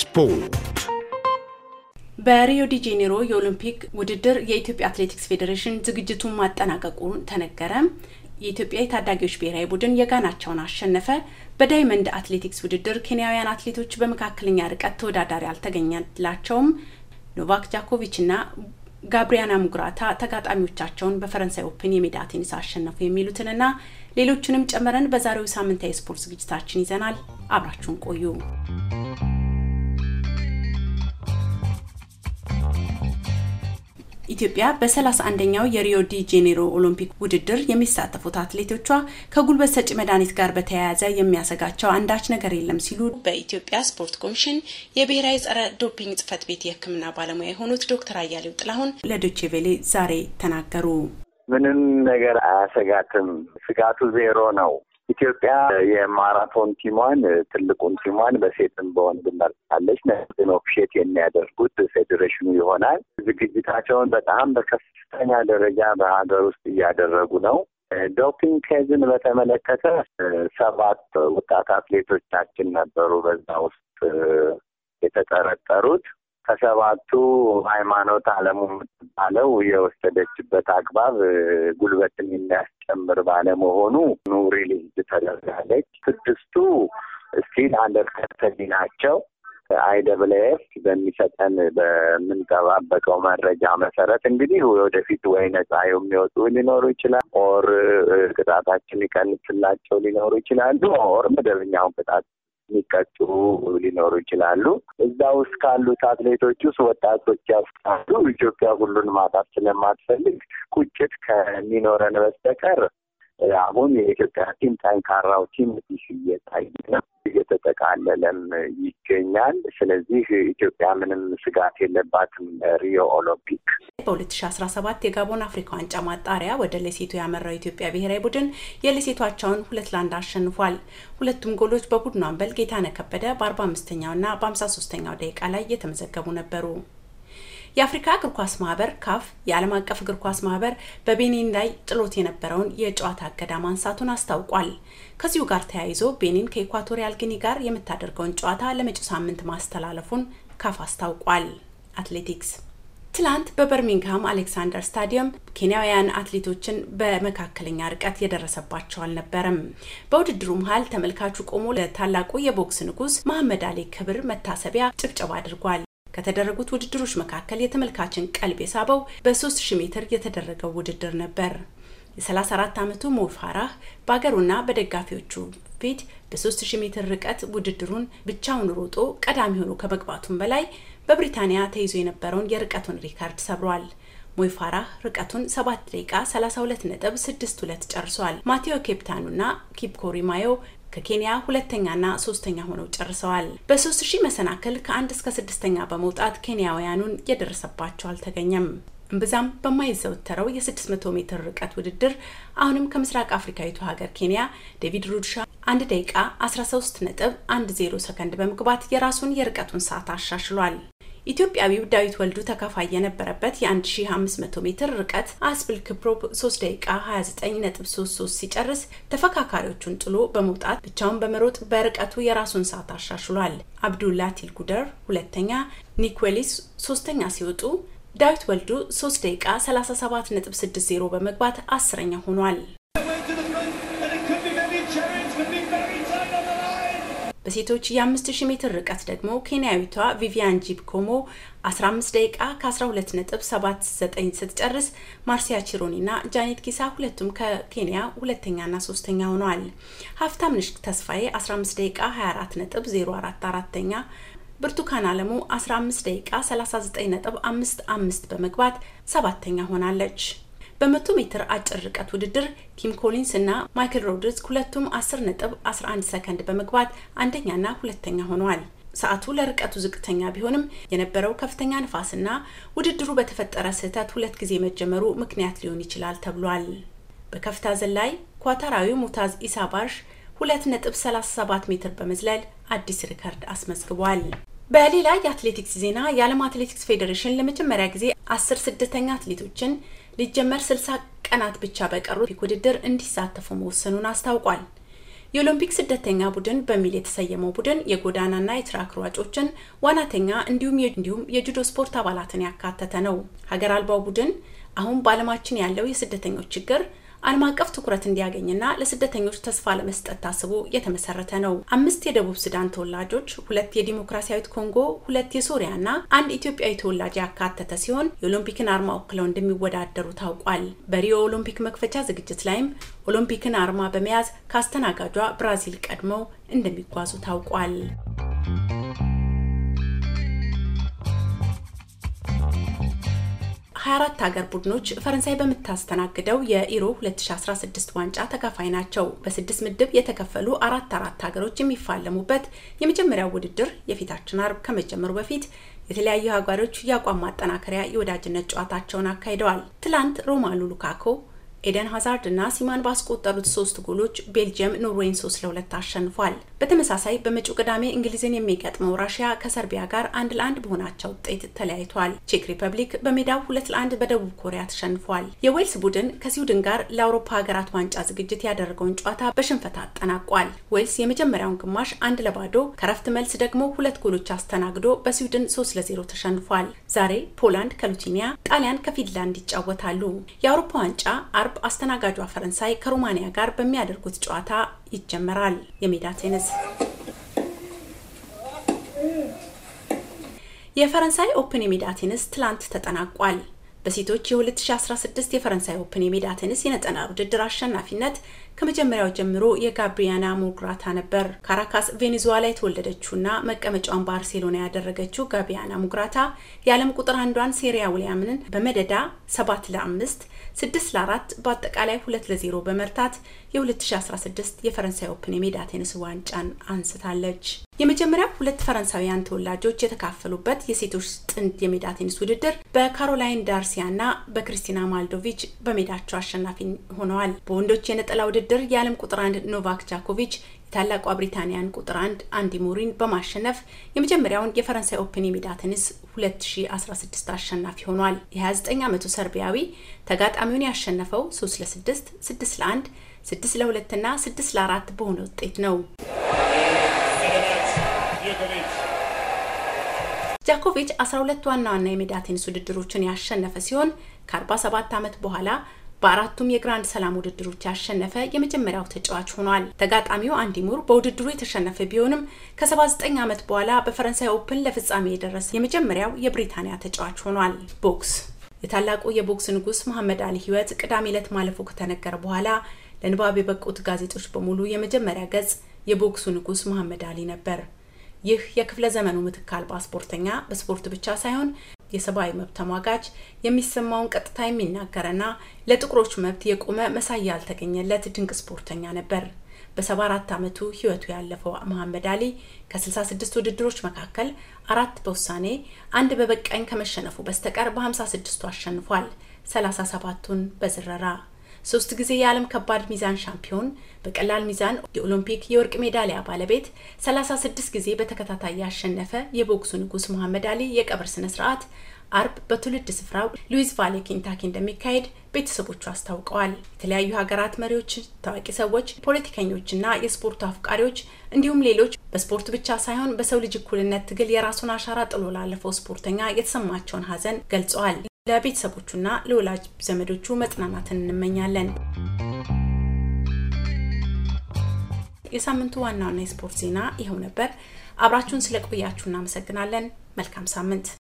ስፖርት በሪዮ ዲ ጄኔሮ የኦሎምፒክ ውድድር የኢትዮጵያ አትሌቲክስ ፌዴሬሽን ዝግጅቱን ማጠናቀቁን ተነገረ። የኢትዮጵያ የታዳጊዎች ብሔራዊ ቡድን የጋናቸውን አሸነፈ። በዳይመንድ አትሌቲክስ ውድድር ኬንያውያን አትሌቶች በመካከለኛ ርቀት ተወዳዳሪ አልተገኘላቸውም። ኖቫክ ጃኮቪችና ጋብሪያና ሙጉራታ ተጋጣሚዎቻቸውን በፈረንሳይ ኦፕን የሜዳ ቴኒስ አሸነፉ። የሚሉትንና ሌሎችንም ጨምረን በዛሬው ሳምንታዊ ስፖርት ዝግጅታችን ይዘናል። አብራችሁን ቆዩ። ኢትዮጵያ በሰላሳ አንደኛው የሪዮ ዲ ጄኔሮ ኦሎምፒክ ውድድር የሚሳተፉት አትሌቶቿ ከጉልበት ሰጪ መድኃኒት ጋር በተያያዘ የሚያሰጋቸው አንዳች ነገር የለም ሲሉ በኢትዮጵያ ስፖርት ኮሚሽን የብሔራዊ ጸረ ዶፒንግ ጽህፈት ቤት የሕክምና ባለሙያ የሆኑት ዶክተር አያሌው ጥላሁን ለዶቼ ቬሌ ዛሬ ተናገሩ። ምንም ነገር አያሰጋትም፣ ስጋቱ ዜሮ ነው። ኢትዮጵያ የማራቶን ቲሟን ትልቁን ቲሟን በሴትም በሆን መርጣለች። ነግን ኦፊሼት የሚያደርጉት ፌዴሬሽኑ ይሆናል። ዝግጅታቸውን በጣም በከፍተኛ ደረጃ በሀገር ውስጥ እያደረጉ ነው። ዶፒንግ ኬዝን በተመለከተ ሰባት ወጣት አትሌቶቻችን ነበሩ በዛ ውስጥ የተጠረጠሩት ከሰባቱ ሃይማኖት አለሙ የምትባለው የወሰደችበት አግባብ ጉልበትን የሚያስጨምር ባለመሆኑ ኑ ሪሊዝ ተደርጋለች። ስድስቱ ስቲል አንደር ከተሊ ናቸው። አይደብለኤፍ በሚሰጠን በምንጠባበቀው መረጃ መሰረት እንግዲህ ወደፊት ወይ ነጻ የሚወጡ ሊኖሩ ይችላል፣ ኦር ቅጣታችን ሊቀንስላቸው ሊኖሩ ይችላሉ፣ ኦር መደበኛውን ቅጣት የሚቀጡ ሊኖሩ ይችላሉ። እዛ ውስጥ ካሉት አትሌቶች ውስጥ ወጣቶች ያስቃሉ። ኢትዮጵያ ሁሉን ማጣት ስለማትፈልግ ቁጭት ከሚኖረን በስተቀር አሁን የኢትዮጵያ ቲም ጠንካራው ቲም እየታየ ነው። እየተጠቃለለም ይገኛል። ስለዚህ ኢትዮጵያ ምንም ስጋት የለባትም። ሪዮ ኦሎምፒክ በ2017 የጋቦን አፍሪካ ዋንጫ ማጣሪያ ወደ ሌሴቶ ያመራው ኢትዮጵያ ብሔራዊ ቡድን የሌሴቶ አቻውን ሁለት ለአንድ አሸንፏል። ሁለቱም ጎሎች በቡድኑ አምበል ጌታነህ ከበደ በ45ኛው እና በ53ኛው ደቂቃ ላይ የተመዘገቡ ነበሩ። የአፍሪካ እግር ኳስ ማህበር ካፍ የዓለም አቀፍ እግር ኳስ ማህበር በቤኒን ላይ ጥሎት የነበረውን የጨዋታ እገዳ ማንሳቱን አስታውቋል። ከዚሁ ጋር ተያይዞ ቤኒን ከኢኳቶሪያል ጊኒ ጋር የምታደርገውን ጨዋታ ለመጪው ሳምንት ማስተላለፉን ካፍ አስታውቋል። አትሌቲክስ ትላንት በበርሚንግሃም አሌክሳንደር ስታዲየም ኬንያውያን አትሌቶችን በመካከለኛ ርቀት የደረሰባቸው አልነበረም። በውድድሩ መሀል ተመልካቹ ቆሞ ለታላቁ የቦክስ ንጉስ መሐመድ አሊ ክብር መታሰቢያ ጭብጨባ አድርጓል። ከተደረጉት ውድድሮች መካከል የተመልካችን ቀልብ የሳበው በ3000 ሜትር የተደረገው ውድድር ነበር። የ34 ዓመቱ ሞፋራህ በአገሩና በደጋፊዎቹ ፊት በ3000 ሜትር ርቀት ውድድሩን ብቻውን ሮጦ ቀዳሚ ሆኖ ከመግባቱም በላይ በብሪታንያ ተይዞ የነበረውን የርቀቱን ሪካርድ ሰብሯል። ሞይፋራህ ርቀቱን 7 ደቂቃ 32 ነጥብ 62 ጨርሷል። ማቴዎ ኬፕታኑና ኪፕኮሪማዮ ከኬንያ ሁለተኛና ሶስተኛ ሆነው ጨርሰዋል። በሶስት ሺህ መሰናክል ከአንድ እስከ ስድስተኛ በመውጣት ኬንያውያኑን የደረሰባቸው አልተገኘም። እምብዛም በማይዘወተረው የ600 ሜትር ርቀት ውድድር አሁንም ከምስራቅ አፍሪካዊቱ ሀገር ኬንያ ዴቪድ ሩድሻ አንድ ደቂቃ 13 ነጥብ 10 ሰከንድ በመግባት የራሱን የርቀቱን ሰዓት አሻሽሏል። ኢትዮጵያዊው ዳዊት ወልዱ ተካፋይ የነበረበት የ1500 ሜትር ርቀት አስፕል ክፕሮፕ 3 ደቂቃ 29.33 ሲጨርስ ተፈካካሪዎቹን ጥሎ በመውጣት ብቻውን በመሮጥ በርቀቱ የራሱን ሰዓት አሻሽሏል። አብዱላ ቲልጉደር ሁለተኛ፣ ኒኮሊስ ሶስተኛ ሲወጡ ዳዊት ወልዱ 3 ደቂቃ 37.60 በመግባት አስረኛ ሆኗል። በሴቶች የ5000 ሜትር ርቀት ደግሞ ኬንያዊቷ ቪቪያን ጂፕ ኮሞ 15 ደቂቃ ከ12.79 ስትጨርስ ማርሲያ ና ጃኔት ኪሳ ሁለቱም ከኬንያ ና ሶስተኛ ሆነዋል። ሀብታምነሽ ተስፋዬ 15 ደቂቃ 24044ኛ ብርቱካን አለሙ 15 ደቂቃ 39.55 በመግባት ሰባተኛ ሆናለች። በመቶ ሜትር አጭር ርቀት ውድድር ቲም ኮሊንስ እና ማይክል ሮድርስ ሁለቱም 10 ነጥብ 11 ሰከንድ በመግባት አንደኛና ሁለተኛ ሆነዋል። ሰዓቱ ለርቀቱ ዝቅተኛ ቢሆንም የነበረው ከፍተኛ ንፋስና ውድድሩ በተፈጠረ ስህተት ሁለት ጊዜ መጀመሩ ምክንያት ሊሆን ይችላል ተብሏል። በከፍታ ላይ ኳታራዊ ሙታዝ ኢሳ ባርሽ 2.37 ሜትር በመዝለል አዲስ ሪከርድ አስመዝግቧል። በሌላ የአትሌቲክስ ዜና የዓለም አትሌቲክስ ፌዴሬሽን ለመጀመሪያ ጊዜ አስር ስደተኛ አትሌቶችን ሊጀመር 60 ቀናት ብቻ በቀሩት ውድድር እንዲሳተፉ መወሰኑን አስታውቋል። የኦሎምፒክ ስደተኛ ቡድን በሚል የተሰየመው ቡድን የጎዳናና የትራክ ሯጮችን፣ ዋናተኛ እንዲሁም እንዲሁም የጁዶ ስፖርት አባላትን ያካተተ ነው። ሀገር አልባው ቡድን አሁን በዓለማችን ያለው የስደተኞች ችግር ዓለም አቀፍ ትኩረት እንዲያገኝና ለስደተኞች ተስፋ ለመስጠት ታስቦ የተመሰረተ ነው። አምስት የደቡብ ሱዳን ተወላጆች፣ ሁለት የዲሞክራሲያዊት ኮንጎ፣ ሁለት የሶሪያና አንድ ኢትዮጵያዊ ተወላጅ ያካተተ ሲሆን የኦሎምፒክን አርማ ወክለው እንደሚወዳደሩ ታውቋል። በሪዮ ኦሎምፒክ መክፈቻ ዝግጅት ላይም ኦሎምፒክን አርማ በመያዝ ከአስተናጋጇ ብራዚል ቀድመው እንደሚጓዙ ታውቋል። 24 ሀገር ቡድኖች ፈረንሳይ በምታስተናግደው የኢሮ 2016 ዋንጫ ተካፋይ ናቸው። በስድስት ምድብ የተከፈሉ አራት አራት ሀገሮች የሚፋለሙበት የመጀመሪያው ውድድር የፊታችን አርብ ከመጀመሩ በፊት የተለያዩ ሀገሮች የአቋም ማጠናከሪያ የወዳጅነት ጨዋታቸውን አካሂደዋል። ትላንት ሮማሉ ሉካኮ ኤደን ሀዛርድ እና ሲማን ባስቆጠሩት ሶስት ጎሎች ቤልጅየም ኖርዌይን ሶስት ለሁለት አሸንፏል። በተመሳሳይ በመጪው ቅዳሜ እንግሊዝን የሚገጥመው ራሽያ ከሰርቢያ ጋር አንድ ለአንድ በሆናቸው ውጤት ተለያይቷል። ቼክ ሪፐብሊክ በሜዳው ሁለት ለአንድ በደቡብ ኮሪያ ተሸንፏል። የዌልስ ቡድን ከስዊድን ጋር ለአውሮፓ ሀገራት ዋንጫ ዝግጅት ያደረገውን ጨዋታ በሽንፈት አጠናቋል። ዌልስ የመጀመሪያውን ግማሽ አንድ ለባዶ ከረፍት መልስ ደግሞ ሁለት ጎሎች አስተናግዶ በስዊድን ሶስት ለዜሮ ተሸንፏል። ዛሬ ፖላንድ ከሉቲኒያ፣ ጣሊያን ከፊንላንድ ይጫወታሉ። የአውሮፓ ዋንጫ አርብ አስተናጋጇ ፈረንሳይ ከሩማንያ ጋር በሚያደርጉት ጨዋታ ይጀመራል። የሜዳ ቴኒስ የፈረንሳይ ኦፕን የሜዳ ቴኒስ ትላንት ተጠናቋል። በሴቶች የ2016 የፈረንሳይ ኦፕን የሜዳ ቴኒስ የነጠና ውድድር አሸናፊነት ከመጀመሪያው ጀምሮ የጋብሪያና ሞግራታ ነበር። ካራካስ ቬኔዙዋላ የተወለደችውና መቀመጫውን ባርሴሎና ያደረገችው ጋቢያና ሙግራታ የዓለም ቁጥር አንዷን ሴሪያ ዊሊያምንን በመደዳ 7 ለ5፣ 6 ለ4 በአጠቃላይ 2 ለ0 በመርታት የ2016 የፈረንሳይ ኦፕን የሜዳ ቴኒስ ዋንጫን አንስታለች። የመጀመሪያው ሁለት ፈረንሳውያን ተወላጆች የተካፈሉበት የሴቶች ጥንድ የሜዳ ቴኒስ ውድድር በካሮላይን ዳርሲያና በክሪስቲና ማልዶቪች በሜዳቸው አሸናፊ ሆነዋል። በወንዶች የነጠላ ውድድር የዓለም ቁጥር አንድ ኖቫክ ጃኮቪች ታላቋ ብሪታንያን ቁጥር አንድ አንዲ ሙሪን በማሸነፍ የመጀመሪያውን የፈረንሳይ ኦፕን የሜዳ ቴኒስ 2016 አሸናፊ ሆኗል። የ29 ዓመቱ ሰርቢያዊ ተጋጣሚውን ያሸነፈው 3 ለ6፣ 6 ለ1፣ 6 ለ2 እና 6 ለ4 በሆነ ውጤት ነው። ጃኮቪች 12 ዋና ዋና የሜዳ ቴኒስ ውድድሮችን ያሸነፈ ሲሆን ከ47 ዓመት በኋላ በአራቱም የግራንድ ሰላም ውድድሮች ያሸነፈ የመጀመሪያው ተጫዋች ሆኗል። ተጋጣሚው አንዲ ሙር በውድድሩ የተሸነፈ ቢሆንም ከ79 ዓመት በኋላ በፈረንሳይ ኦፕን ለፍጻሜ የደረሰ የመጀመሪያው የብሪታንያ ተጫዋች ሆኗል። ቦክስ የታላቁ የቦክስ ንጉስ መሐመድ አሊ ህይወት ቅዳሜ ዕለት ማለፉ ከተነገረ በኋላ ለንባብ የበቁት ጋዜጦች በሙሉ የመጀመሪያ ገጽ የቦክሱ ንጉስ መሐመድ አሊ ነበር። ይህ የክፍለ ዘመኑ ምትክ አልባ ስፖርተኛ በስፖርት ብቻ ሳይሆን የሰብአዊ መብት ተሟጋች የሚሰማውን ቀጥታ የሚናገረና ለጥቁሮች መብት የቆመ መሳያ ያልተገኘለት ድንቅ ስፖርተኛ ነበር። በ74 ዓመቱ ህይወቱ ያለፈው መሐመድ አሊ ከ66 ውድድሮች መካከል አራት በውሳኔ አንድ በበቃኝ ከመሸነፉ በስተቀር በ56ቱ አሸንፏል፣ 37ቱን በዝረራ ሶስት ጊዜ የዓለም ከባድ ሚዛን ሻምፒዮን፣ በቀላል ሚዛን የኦሎምፒክ የወርቅ ሜዳሊያ ባለቤት፣ 36 ጊዜ በተከታታይ ያሸነፈ የቦክሱ ንጉስ መሐመድ አሊ የቀብር ስነ ስርዓት አርብ በትውልድ ስፍራው ሉዊዝ ቫሌ ኬንታኪ እንደሚካሄድ ቤተሰቦቹ አስታውቀዋል። የተለያዩ ሀገራት መሪዎች፣ ታዋቂ ሰዎች፣ ፖለቲከኞችና የስፖርቱ አፍቃሪዎች እንዲሁም ሌሎች በስፖርት ብቻ ሳይሆን በሰው ልጅ እኩልነት ትግል የራሱን አሻራ ጥሎ ላለፈው ስፖርተኛ የተሰማቸውን ሀዘን ገልጸዋል። ለቤተሰቦቹና ለወላጅ ዘመዶቹ መጥናናትን እንመኛለን። የሳምንቱ ዋናና የስፖርት ዜና ይኸው ነበር። አብራችሁን ስለቆያችሁ እናመሰግናለን። መልካም ሳምንት።